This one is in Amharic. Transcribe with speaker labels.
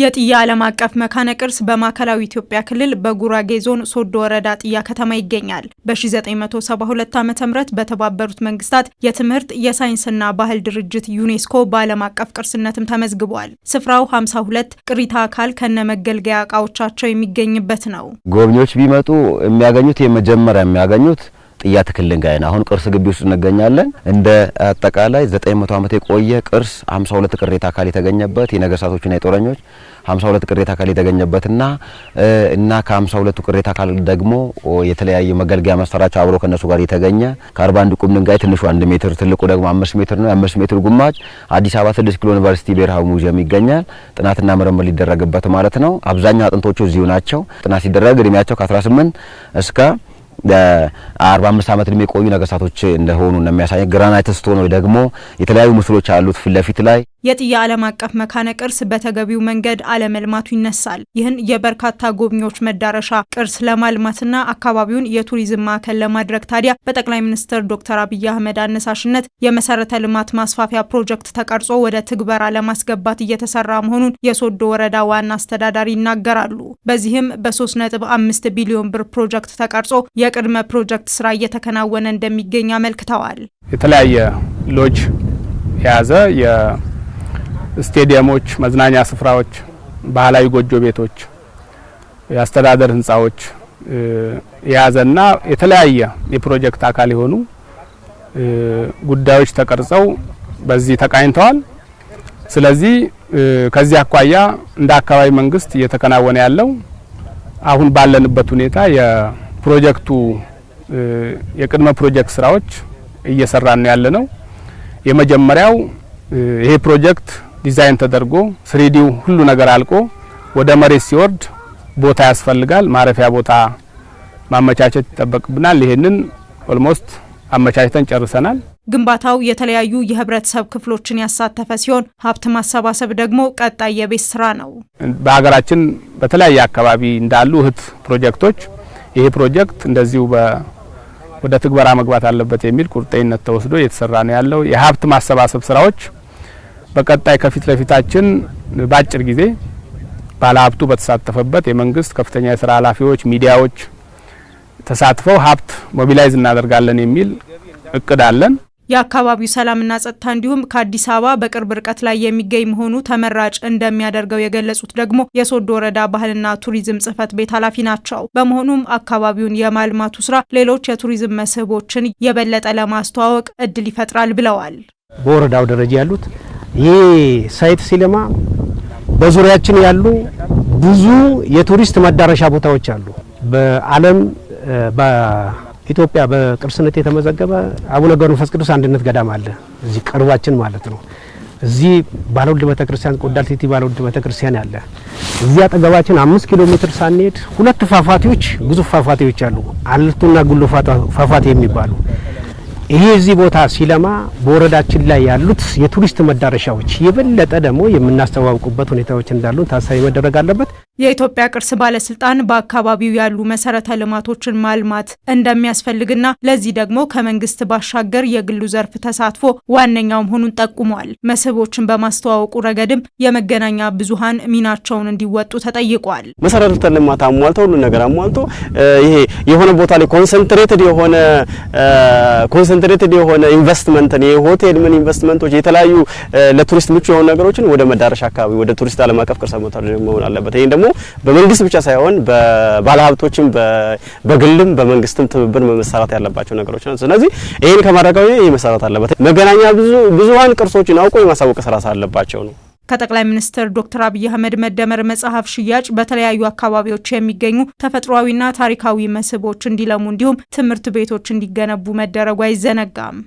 Speaker 1: የጥያ ዓለም አቀፍ መካነ ቅርስ በማዕከላዊ ኢትዮጵያ ክልል በጉራጌ ዞን ሶዶ ወረዳ ጥያ ከተማ ይገኛል። በ1972 ዓ ም በተባበሩት መንግስታት የትምህርት የሳይንስና ባህል ድርጅት ዩኔስኮ በዓለም አቀፍ ቅርስነትም ተመዝግቧል። ስፍራው 52 ቅሪታ አካል ከነ መገልገያ እቃዎቻቸው የሚገኝበት ነው።
Speaker 2: ጎብኚዎች ቢመጡ የሚያገኙት የመጀመሪያ የሚያገኙት ጥያ ትክልን ጋይን አሁን ቅርስ ግቢ ውስጥ እንገኛለን። እንደ አጠቃላይ 900 ዓመት የቆየ ቅርስ 52 ቅሬታ አካል የተገኘበት የነገስታቶችና የጦረኞች 52 ቅሬታ አካል የተገኘበትና እና ከ52ቱ ቅሬታ አካል ደግሞ የተለያዩ መገልገያ መሳሪያቸው አብሮ ከነሱ ጋር የተገኘ ከ41 ቁም ድንጋይ ትንሹ 1 ሜትር ትልቁ ደግሞ 5 ሜትር ነው። 5 ሜትር ጉማጅ አዲስ አበባ 6 ኪሎ ዩኒቨርሲቲ ብሔራዊ ሙዚየም ይገኛል። ጥናትና ምርምር ሊደረግበት ማለት ነው። አብዛኛው አጥንቶቹ እዚሁ ናቸው። ጥናት ሲደረግ እድሜያቸው ከ18 እስከ አርባ አምስት ዓመት እድሜ የቆዩ ነገስታቶች እንደሆኑ እንደሚያሳየን ግራናይት ስቶን ወይ ደግሞ የተለያዩ ምስሎች አሉት ፊት ለፊት ላይ
Speaker 1: የጥያ ዓለም አቀፍ መካነ ቅርስ በተገቢው መንገድ አለመልማቱ ይነሳል። ይህን የበርካታ ጎብኚዎች መዳረሻ ቅርስ ለማልማትና አካባቢውን የቱሪዝም ማዕከል ለማድረግ ታዲያ በጠቅላይ ሚኒስትር ዶክተር አብይ አህመድ አነሳሽነት የመሰረተ ልማት ማስፋፊያ ፕሮጀክት ተቀርጾ ወደ ትግበራ ለማስገባት እየተሰራ መሆኑን የሶዶ ወረዳ ዋና አስተዳዳሪ ይናገራሉ። በዚህም በ3.5 ቢሊዮን ብር ፕሮጀክት ተቀርጾ የቅድመ ፕሮጀክት ስራ እየተከናወነ እንደሚገኝ አመልክተዋል።
Speaker 3: የተለያየ ሎጅ የያዘ ስቴዲየሞች፣ መዝናኛ ስፍራዎች፣ ባህላዊ ጎጆ ቤቶች፣ የአስተዳደር ህንጻዎች የያዘና የተለያየ የፕሮጀክት አካል የሆኑ ጉዳዮች ተቀርጸው በዚህ ተቃኝተዋል። ስለዚህ ከዚህ አኳያ እንደ አካባቢ መንግስት እየተከናወነ ያለው አሁን ባለንበት ሁኔታ የፕሮጀክቱ የቅድመ ፕሮጀክት ስራዎች እየሰራን ነው ያለ ነው። የመጀመሪያው ይሄ ፕሮጀክት ዲዛይን ተደርጎ ስሪዲው ሁሉ ነገር አልቆ ወደ መሬት ሲወርድ ቦታ ያስፈልጋል። ማረፊያ ቦታ ማመቻቸት ይጠበቅብናል። ይህንን ኦልሞስት አመቻችተን ጨርሰናል።
Speaker 1: ግንባታው የተለያዩ የህብረተሰብ ክፍሎችን ያሳተፈ ሲሆን ሀብት ማሰባሰብ ደግሞ ቀጣይ የቤት ስራ ነው።
Speaker 3: በሀገራችን በተለያየ አካባቢ እንዳሉ እህት ፕሮጀክቶች ይሄ ፕሮጀክት እንደዚሁ ወደ ትግበራ መግባት አለበት የሚል ቁርጠኝነት ተወስዶ እየተሰራ ነው ያለው። የሀብት ማሰባሰብ ስራዎች በቀጣይ ከፊት ለፊታችን በአጭር ጊዜ ባለሀብቱ በተሳተፈበት የመንግስት ከፍተኛ የስራ ኃላፊዎች፣ ሚዲያዎች ተሳትፈው ሀብት ሞቢላይዝ እናደርጋለን የሚል እቅድ አለን።
Speaker 1: የአካባቢው ሰላምና ጸጥታ እንዲሁም ከአዲስ አበባ በቅርብ ርቀት ላይ የሚገኝ መሆኑ ተመራጭ እንደሚያደርገው የገለጹት ደግሞ የሶዶ ወረዳ ባህልና ቱሪዝም ጽህፈት ቤት ኃላፊ ናቸው። በመሆኑም አካባቢውን የማልማቱ ስራ ሌሎች የቱሪዝም መስህቦችን የበለጠ ለማስተዋወቅ እድል ይፈጥራል ብለዋል።
Speaker 4: በወረዳው ደረጃ ያሉት ይህ ሳይት ሲለማ በዙሪያችን ያሉ ብዙ የቱሪስት መዳረሻ ቦታዎች አሉ። በዓለም በኢትዮጵያ በቅርስነት የተመዘገበ አቡነ ገብረ መንፈስ ቅዱስ አንድነት ገዳም አለ፣ እዚህ ቅርባችን ማለት ነው። እዚህ ባለወልድ ቤተክርስቲያን ቆዳልቲቲ ባለወልድ ቤተክርስቲያን አለ። እዚህ አጠገባችን አምስት ኪሎ ሜትር ሳንሄድ ሁለት ፏፏቴዎች ግዙፍ ፏፏቴዎች አሉ፣ አልቱና ጉሎ ፏፏቴ የሚባሉ ይሄ እዚህ ቦታ ሲለማ በወረዳችን ላይ ያሉት የቱሪስት መዳረሻዎች የበለጠ ደግሞ የምናስተዋውቁበት ሁኔታዎች እንዳሉ ታሳቢ መደረግ አለበት።
Speaker 1: የኢትዮጵያ ቅርስ ባለስልጣን በአካባቢው ያሉ መሰረተ ልማቶችን ማልማት እንደሚያስፈልግና ለዚህ ደግሞ ከመንግስት ባሻገር የግሉ ዘርፍ ተሳትፎ ዋነኛው መሆኑን ጠቁሟል። መስህቦችን በማስተዋወቁ ረገድም የመገናኛ ብዙሃን ሚናቸውን እንዲወጡ ተጠይቋል።
Speaker 2: መሰረተ ልማት አሟልቶ ሁሉ ነገር አሟልቶ ይሄ የሆነ ቦታ ላይ ኮንሰንትሬትድ የሆነ ኮንሰንትሬትድ የሆነ ኢንቨስትመንትን የሆቴል ምን ኢንቨስትመንቶች የተለያዩ ለቱሪስት ምቹ የሆኑ ነገሮችን ወደ መዳረሻ አካባቢ ወደ ቱሪስት ዓለም አቀፍ ቅርስ መሆን አለበት። ይሄ ደግሞ በመንግስት ብቻ ሳይሆን በባለሀብቶችም በግልም በመንግስትም ትብብር መሰራት ያለባቸው ነገሮች ናቸው። ስለዚህ ይህን ከማድረጋዊ ይህ መሰራት አለበት። መገናኛ ብዙኃን ቅርሶችን አውቆ የማሳወቅ ስራ አለባቸው ነው።
Speaker 1: ከጠቅላይ ሚኒስትር ዶክተር አብይ አህመድ መደመር መጽሐፍ ሽያጭ በተለያዩ አካባቢዎች የሚገኙ ተፈጥሯዊና ታሪካዊ መስህቦች እንዲለሙ እንዲሁም ትምህርት ቤቶች እንዲገነቡ መደረጉ አይዘነጋም።